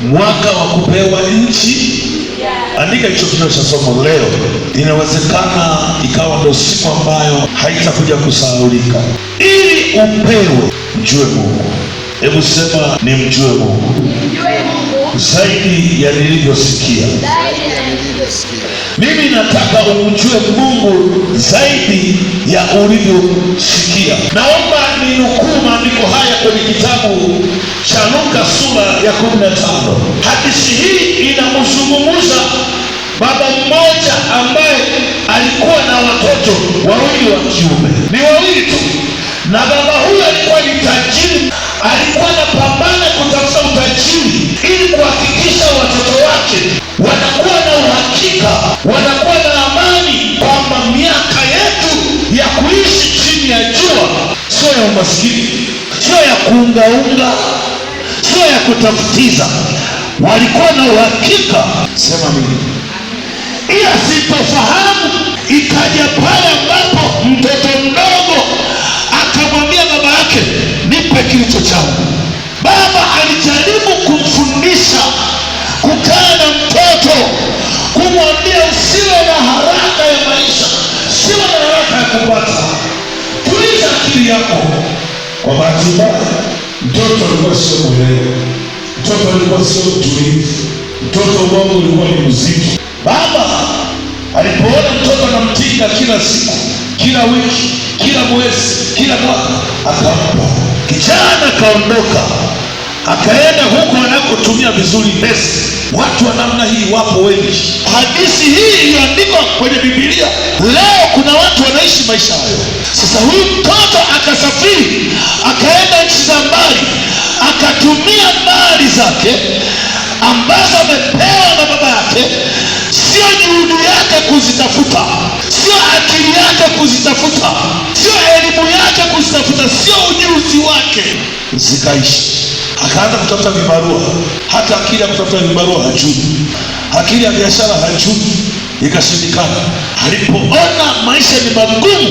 mwaka wa kupewa nchi. Andika hicho kichwa cha somo leo. Inawezekana ikawa ndio siku ambayo haitakuja kusahaulika. Ili upewe, mjue Mungu. Hebu sema ni mjue Mungu zaidi ya nilivyosikia. Mimi nataka umjue Mungu zaidi ya ulivyosikia. Naomba ninukuu maandiko haya kwenye kitabu cha Luka sura ya 15. Hadithi hii inamzungumza baba mmoja ambaye alikuwa na watoto wawili wa kiume, ni wawili tu, na baba huyo alikuwa ni tajiri, alikuwa anapambana kutafuta utajiri ili kuhakikisha watoto wake wanakuwa na uhakika, wanakuwa na amani kwamba miaka yetu ya kuishi chini ya jua sio ya umaskini, sio ya kuungaunga, sio ya kutafutiza. Walikuwa na uhakika, sema mimi, ila sitofahamu ikaja pale ambapo mtoto mdogo akamwambia baba yake, nipe kilicho changu. Baba alijaribu kumfundisha mtoto kumwambia usiwe na haraka ya maisha, siwe na haraka ya kupata. Tuliza akili yako. Kwa bahati mbaya, mtoto alikuwa sio mwelewa, mtoto alikuwa sio mtulivu, mtoto wangu ulikuwa ni mziki. Baba alipoona mtoto anamtinga kila siku, kila wiki, kila mwezi, kila mwaka, akampa kijana. Akaondoka akaenda huko anakotumia vizuri pesa Watu wa namna hii wapo wengi. Hadithi hii iliyoandikwa kwenye Biblia, leo kuna watu wanaishi maisha hayo. Sasa huyu mtoto akasafiri akaenda nchi za mbali, akatumia mali zake ambazo amepewa na baba yake. Sio juhudi yake kuzitafuta, sio akili yake kuzitafuta, sio elimu yake kuzitafuta, sio ujuzi wake, zikaishi akaanza kutafuta vibarua, hata akili ya kutafuta vibarua hajui, akili ya biashara hajui, ikashindikana. Alipoona maisha ni magumu,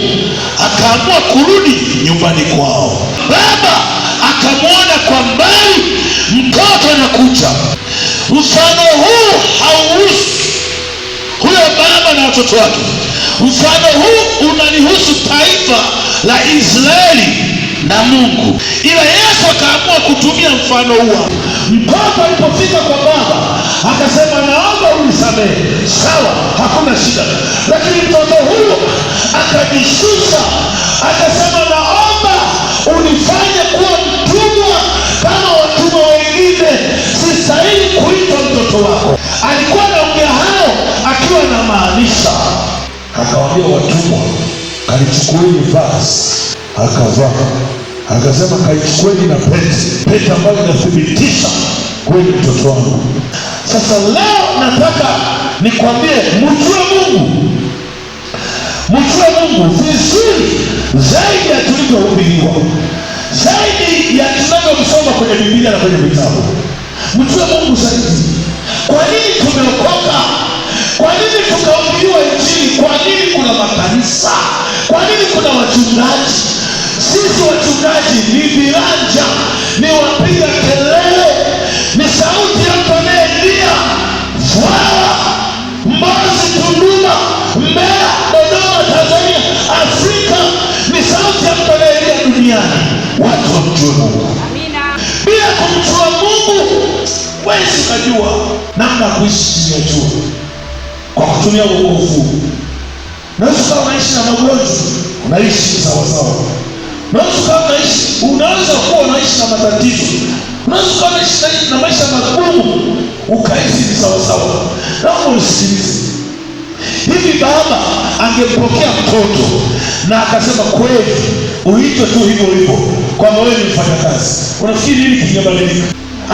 akaamua kurudi nyumbani kwao. Baba akamwona kwa mbali mtoto anakuja. Mfano huu hauhusu huyo baba na watoto wake, mfano huu unalihusu taifa la Israeli na Mungu, ila Yesu akaamua kutumia mfano huo. Mtoto alipofika kwa baba akasema, naomba unisamehe. Sawa, hakuna shida, lakini mtoto huyo akajishusha akasema, naomba unifanye kuwa mtumwa kama watumwa wengine, sistahili kuitwa mtoto wako. Alikuwa anaongea hayo akiwa na maanisha. akawaambia watumwa, kalichukueni vazi akavaa akasema kaichukueni na pete, pete ambayo inathibitisha kweli mtoto wangu. Sasa leo nataka nikwambie, mjue Mungu, mjue Mungu vizuri zaidi ya tulivyohubiriwa, zaidi ya tunavyomsoma kwenye Biblia na kwenye vitabu. Mjue Mungu zaidi. Kwa nini tumeokoka? Kwa nini tukahubiriwa Injili? Kwa nini kuna makanisa? Kwa nini kuna wachungaji sisi wachungaji ni viranja, ni wapiga kelele, ni sauti ya mtu anayeingia Vwawa, Mbozi, Tunduma, Mbeya, Dodoma, Tanzania, Afrika. Ni sauti ya mtu anayeingia duniani, watu wamjue Mungu. Bila kumjua Mungu wezi kajua namna kuishi ya jua kwa kutumia uokovu, naweza ukawa unaishi na magonjwa, unaishi sawasawa naishi unaweza kuwa naishi na matatizo, unaweza kuwa unaishi na maisha magumu, ukaishi ni sawasawa. Naomba usikilize hivi. Baba angempokea mtoto na akasema kweli, uitwe tu hivyo ulipo kwamba wewe ni kazi unafikiri nini kingebadilika?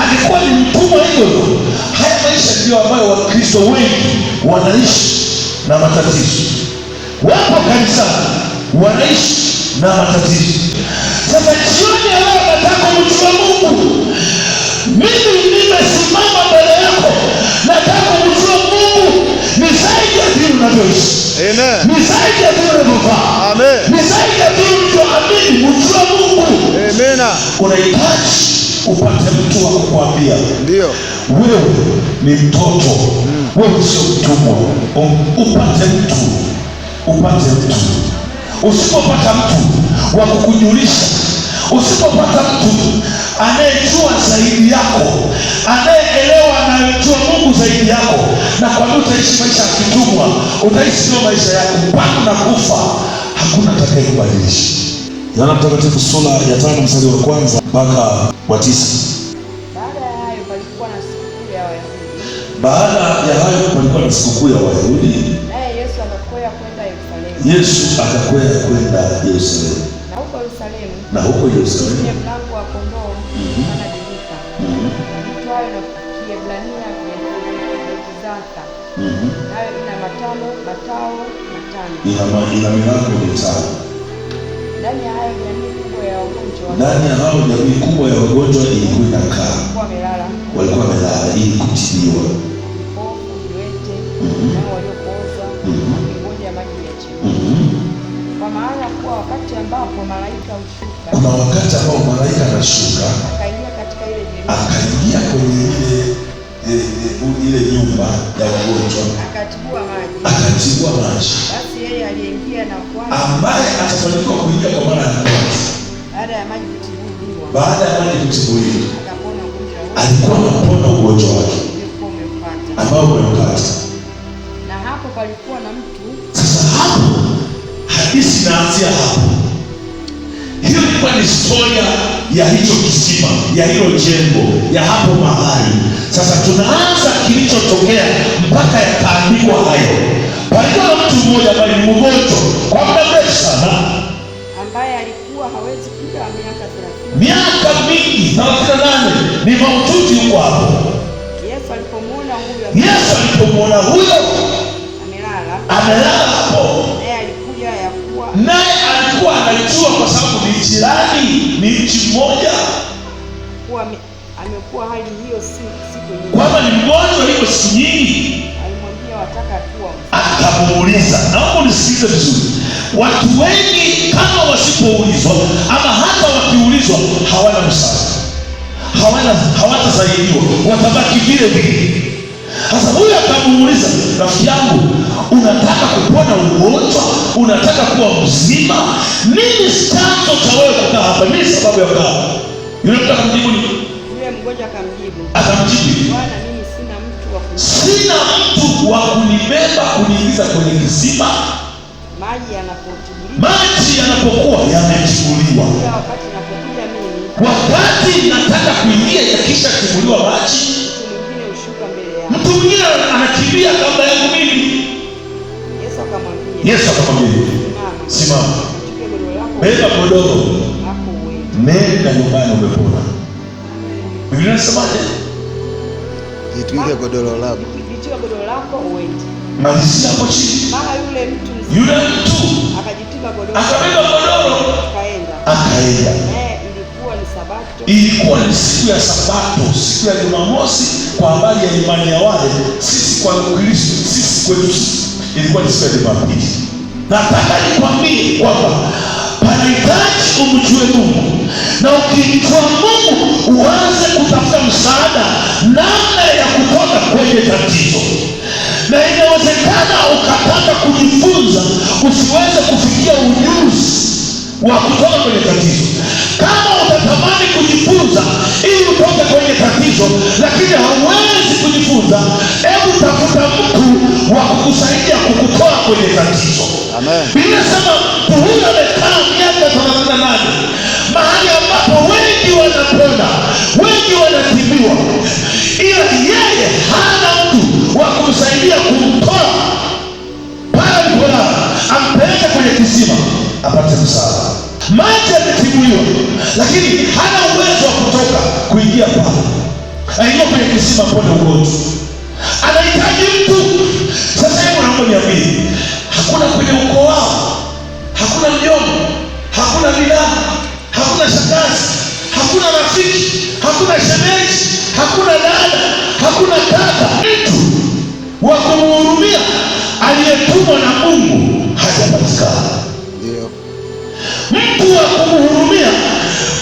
Angekuwa ni mtumwa hivyo. Haya maisha ndiyo ambayo Wakristo wengi wanaishi na matatizo, wapo kanisani wanaishi na matatizo. Sasa jioni ya leo nataka kumjua Mungu. Mimi nimesimama mbele yako, nataka kumjua Mungu. Ni zaidi ya vile unavyoishi, Amen. ni zaidi ya vile unavyovaa, ni zaidi ya vile unavyoamini. Mjue Mungu. Amen. Unahitaji upate mtu wa kukuambia. ndio wewe ni mtoto, hmm. wewe sio mtumwa. Um, upate mtu, upate mtu Usipopata mtu wa kukujulisha, usipopata mtu anayejua zaidi yako, anayeelewa anayojua Mungu zaidi yako, na kwani utaishi maisha ya kitumwa, utaishi sio maisha yako mpaka unakufa. Hakuna atakayekubadilisha. Yohana Mtakatifu sura ya tano mstari wa kwanza mpaka wa tisa. Baada ya hayo palikuwa na sikukuu ya Wayahudi Yesu atakwenda kwenda Yerusalemu, na huko Yerusalemu, na huko Yerusalemu, ni mlango wa kondoo mhm. pana birika mhm. itwayo na Kiebrania Bethzatha, nayo ina matano matao matano, ina milango mitano. Ndani ya hayo jamii kubwa ya wagonjwa, ndani ya hao jamii kubwa ya wagonjwa ilikuwa inakaa, walikuwa wamelala ili kutibiwa, waliopoozwa, wagonjwa ya maji ya chini kwa maana kuwa wakati ambapo malaika hushuka, kuna wakati ambao malaika anashuka akaingia katika ile kwenye ile ile nyumba ya wagonjwa akatibua maji, ambaye atafanikiwa kuingia kwa mara ya kwanza baada ya maji kutibuliwa, baada ya maji kutibuliwa, alikuwa anapona ugonjwa wake ambao umempata, na hapo palikuwa na mtu kisi naanzia hapo. Hiyo ilikuwa ni historia ya hicho kisima, ya hilo jengo, ya hapo mahali. Sasa tunaanza kilichotokea mpaka yakaandikwa hayo. Palikuwa na mtu mmoja ambaye ni mgonjwa kwa muda mrefu sana, ambaye alikuwa hawezi kula miaka 30, miaka mingi na nane ni maututi huko hapo. Yesu alipomwona huyo, Yesu alipomwona huyo amelala, amelala jirani ni nchi moja, kwamba ni mgonjwa hivyo siku nyingi, akamuuliza. Naomba unisikize vizuri, watu wengi kama wasipoulizwa ama hata wakiulizwa hawana msaada, hawana hawatasaidiwa, watabaki vile vile. Sasa huyu akamuuliza, rafiki yangu, unataka kupona ugonjwa? Unataka kuwa mzima? wewe kakaa hapa, mimi sababu ya kukaa? Yule mtu akamjibu nini? Yule mgonjwa akamjibu, akamjibu Bwana, mimi sina mtu wa kunibeba, sina mtu wa kunibeba kuniingiza kwenye kisima maji yanapotibuliwa, maji yanapokuwa yametibuliwa, wakati nataka kuingia yakisha kuchukuliwa maji, mtu mwingine anakimbia kabla yangu mimi. Yesu akamwambia, Yesu akamwambia, simama Beba godoro, nenda nyumbani umepona. Biblia inasemaje? Itwike godoro lako, itwike godoro lako uende. Malizia hapo chini. Mara yule mtu yule mtu akajitika godoro, akabeba godoro, akaenda, akaenda. Ilikuwa ni Sabato, ilikuwa ni siku ya Sabato, siku ya Jumamosi kwa habari ya imani ya wale. Sisi kwa Kristo, sisi kwetu ilikuwa ni siku ya Jumapili. Nataka nikwambie kwamba panahitaji umjue Mungu, na ukimjua Mungu uanze kutafuta msaada, namna ya kutoka kwenye tatizo. Na inawezekana ukataka kujifunza, usiweze kufikia ujuzi wa kutoka kwenye tatizo. Kama utatamani kujifunza ili utoke kwenye tatizo, lakini hauwezi kujifunza, hebu tafuta mtu wa kukusaidia kukutoa kwenye tatizo. Biblia inasema mahali ambapo wengi wanapona, wengi wanatibiwa, ila yeye hana mtu wa kumsaidia kumtoa pale alipolala ampeleke kwenye kisima apate msaada. Maji ametibuliwa, lakini hana uwezo wa kutoka kuingia pale, aingia kwenye kisima pone ugonjwa, anahitaji mtu. Sasa hivi naomba niambie, hakuna kwenye ukoo wao, hakuna mjomba, hakuna bidhaa hakuna shangazi, hakuna rafiki, hakuna shemeji, hakuna dada, hakuna tata. Mtu wa kumhurumia aliyetumwa na Mungu hajapatikana. Ndio mtu wa kumhurumia,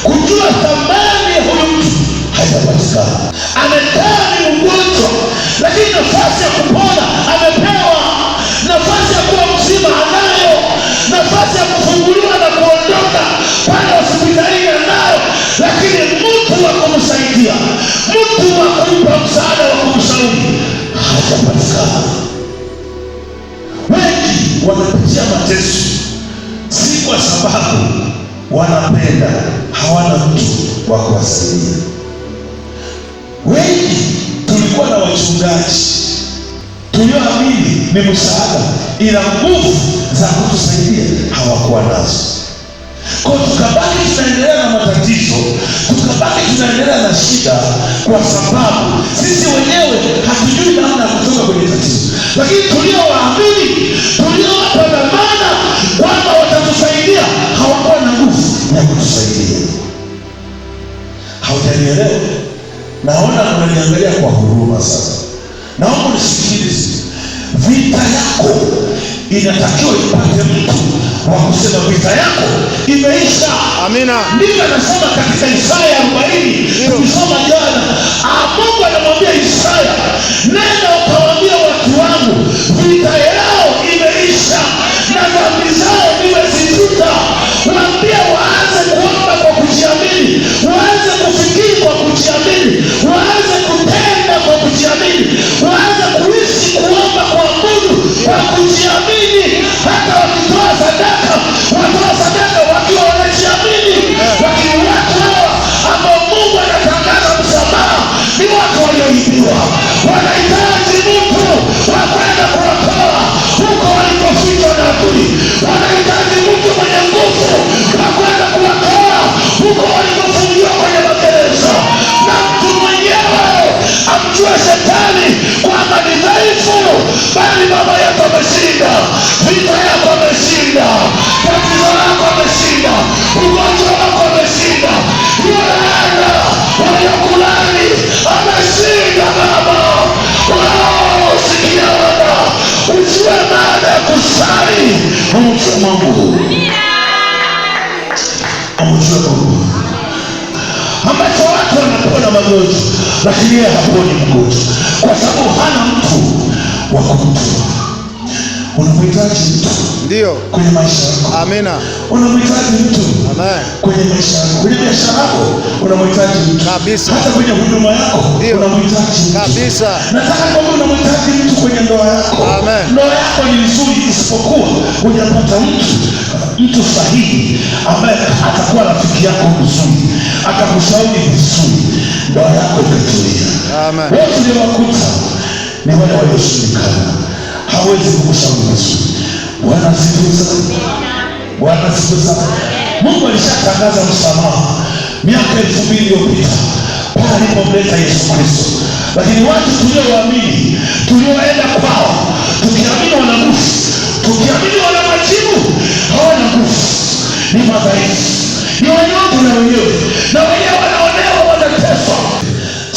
kujua thamani ya huyu mtu hajapatikana. Amekaa ni mgonjwa, lakini nafasi ya kupona amepewa, nafasi ya kuwa mzima anayo, nafasi ya kufunguliwa na kuondoka hayapatikana. Wengi wanapitia mateso si kwa sababu wanapenda, hawana mtu wa kuwasaidia. Wengi tulikuwa na wachungaji tulioamini ni msaada, ila nguvu za kutusaidia hawakuwa nazo kwa tukabaki tunaendelea na matatizo, tukabaki tunaendelea na shida, kwa sababu sisi wenyewe hatujui namna ya kutoka kwenye tatizo. Lakini tuliowaamini, tuliowapa dhamana kwamba watatusaidia, hawakuwa na nguvu ya kutusaidia. Hautanielewa? Naona unaniangalia kwa huruma sasa. Naomba nisikilizi vita yako inatakiwa ipate mtu wa kusema vita yako imeisha. Amina, ndivyo anasema katika Isaya 40 tukisoma jana, ah, Mungu anamwambia Isaya, nenda ukawaambia watu wangu vita yao imeisha na dhambi zao zimezijuta. Waambie waanze kuomba kwa kujiamini, waanze kufikiri kwa kujiamini, waanze kutenda kwa kujiamini, waanze kuishi kuomba kwa Mungu kwa kujiamini. ameshinda, vita yako ameshinda, tatizo lako ameshinda, ugonjwa wako ameshinda, yoana waliokulani ameshinda. Baba usikia oh, Baba, usiwe baada ya kusali amcha Mungu, amcha Mungu ambacho watu wanapona magonjwa lakini yeye haponi mgonjwa, kwa sababu hana mtu wa kumtua. Unamhitaji mtu ndio kwenye maisha yako. Amina. Unamhitaji mtu Amen. kwenye maisha yako, kwenye biashara yako unamhitaji mtu kabisa, hata kwenye huduma yako ndio unamhitaji kabisa. Nataka kwamba unamhitaji mtu kwenye ndoa yako. Amen. Ndoa yako ni nzuri, isipokuwa hujapata mtu mtu sahihi ambaye atakuwa rafiki yako mzuri, atakushauri vizuri, ndoa yako ikatulia. Amen. Wote wakuta ni wale walioshindikana hawezi kukushauri vizuri. Bwana asifiwe sana. Bwana asifiwe sana. Mungu alishatangaza msamaha miaka elfu mbili iliyopita pale alipomleta Yesu Kristo, lakini watu tuliowaamini, tulioenda kwao, tukiamini wana nguvu, tukiamini wana majibu, hawana nguvu, ni madhaifu, ni wanyonge na wenyewe, na wenyewe wanaonewa, wanateswa.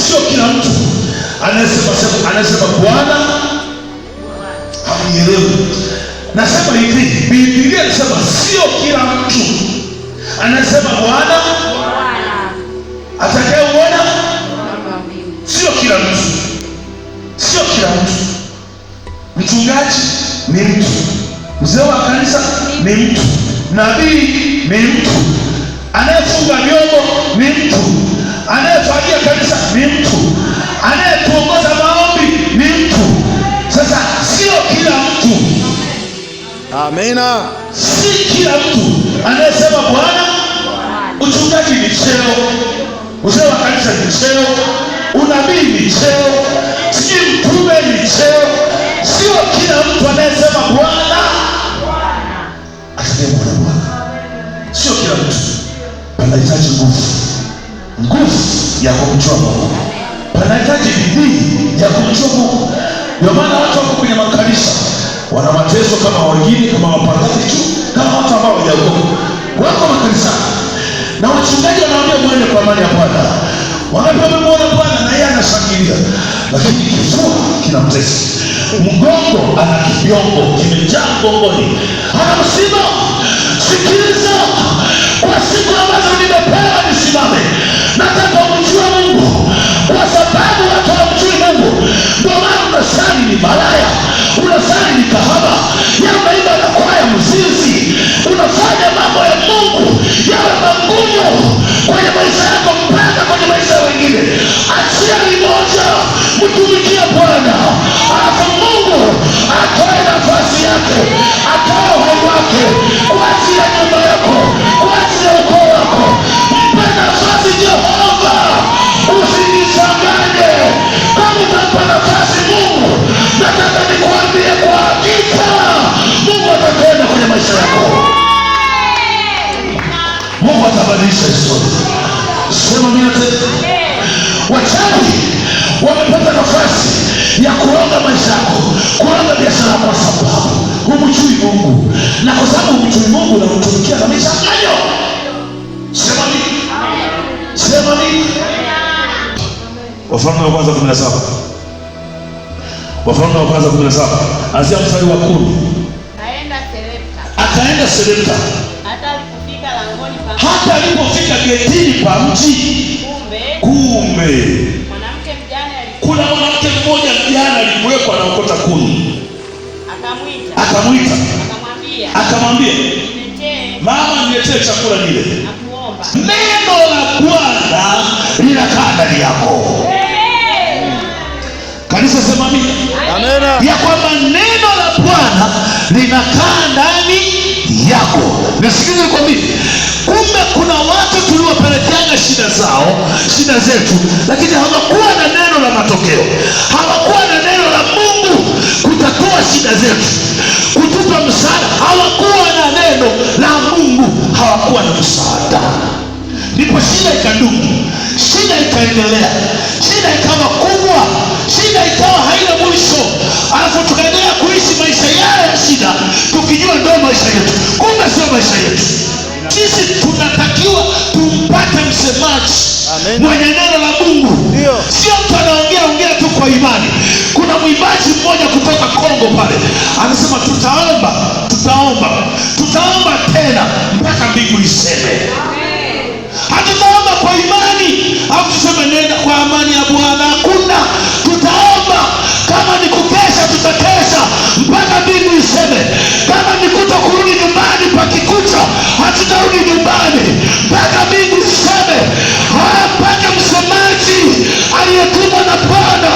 Sio kila mtu anasema Bwana kinyelevu. Nasema hivi, Biblia inasema sio kila mtu anasema Bwana atakayeuona, sio kila mtu, sio kila mtu. Mchungaji ni mtu, mzee wa kanisa ni mtu, nabii ni mtu, anayefunga vyombo ni mtu, anayefagia kanisa ni mtu Amina. Si kila mtu anayesema Bwana. Uchungaji ni cheo, uzee wa kanisa ni cheo, unabii ni cheo, sijui mtume ni cheo. Sio kila mtu anayesema Bwana asema Bwana. Sio kila mtu, panahitaji nguvu, nguvu ya kumjua Mungu, panahitaji bidii ya kumjua Mungu. Ndio maana watu wako kwenye makanisa wana mateso kama wengine, kama wapagani tu, kama watu ambao wajaokoka wako makanisani, na wachungaji wanaambia mwende kwa amani ya Bwana, wanapomwona Bwana na yeye anashangilia, lakini kifua kinamtesa, mgongo ana kibyongo kimejaa mgongoni, ana msiba. Sikiliza, kwa siku ambazo nimepewa nisimame, nataka kumjua Mungu kwa sababu watu wamjui Mungu ndio unasali ni malaya, unasali ni kahaba, yanaimba na kwaya mzinzi, unafanya mambo ya Mungu yawe magumu kwenye maisha yako mpaka kwenye maisha ya wengine. Achia ni moja Wafalme wa kwanza 17, Wafalme wa kwanza 17, anzia mstari wa 10. Akaenda Selepta, Selepta, hata alipofika langoni pa hata alipofika getini pa mji, kumbe kumbe mwanamke mjane alikuwa, kuna mwanamke mmoja mjane alimwekwa na ukota kuni. Akamwita, akamwita, akamwambia, akamwambia mama, niletee chakula nile. Neno la Bwana linakaa ndani yako alichosimamia, ya kwamba neno la Bwana linakaa ndani yako. Nisikize nikwambie, kumbe kuna watu tuliwapelekeana shida zao, shida zetu, lakini hawakuwa na neno la matokeo, hawakuwa na neno la Mungu kutatua shida zetu, kutupa msaada. Hawakuwa na neno la Mungu, hawakuwa na msaada, ndipo shida ikadumu, shida ikaendelea, shida ikawa kubwa alafu tukaendelea kuishi maisha yao ya shida, tukijua ndo maisha yetu, kumbe sio maisha yetu. Sisi tunatakiwa tumpate msemaji mwenye neno la Mungu, sio mtu anaongea ongea tu kwa imani. Kuna mwimbaji mmoja kutoka Kongo pale anasema, tutaomba tutaomba tutaomba tena mpaka mbingu iseme. Hatutaomba kwa imani au tuseme nenda kwa amani ya tutarudi nyumbani mpaka mbingu iseme haya, mpaka msemaji aliyetumwa na Bwana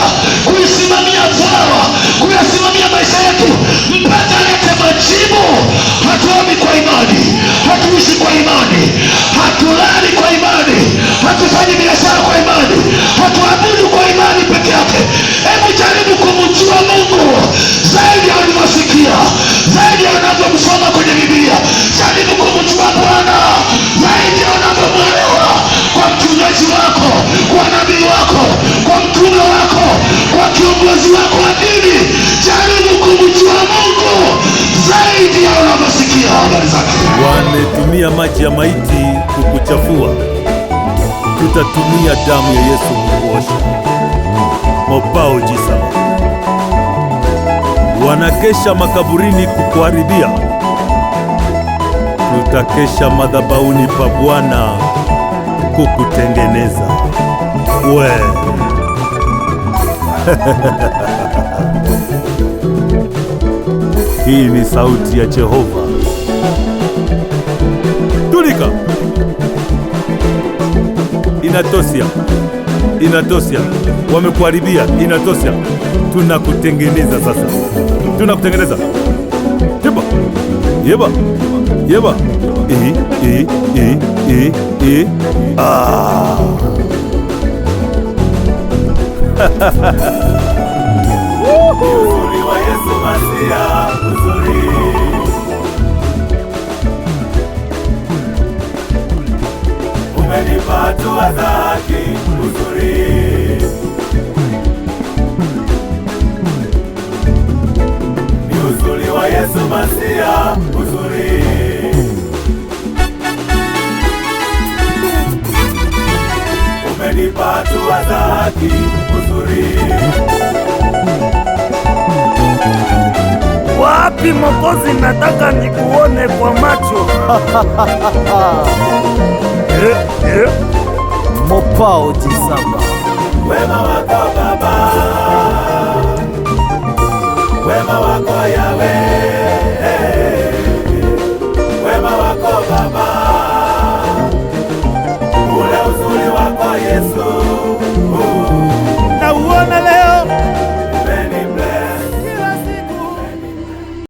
tutatumia damu ya Yesu kuosha mabao jisa. Wanakesha makaburini kukuharibia, tutakesha madhabauni pa Bwana kukutengeneza we Hii ni sauti ya Jehova. inatosha, inatosha, wamekuharibia, inatosha. Tunakutengeneza sasa, tunakutengeneza yeba yeba yeba, E, e, e, e, e. ah hatua za uzuri ni uzuri wa Yesu Masia uzuri umenipa hatua za uzuri wapi Mokozi, nataka nikuone kwa macho. Eh, eh. Mopao Jisamba, wema wako Baba, wema wako Yawe, wema wako Baba, ule uzuri wako Yesu na uonele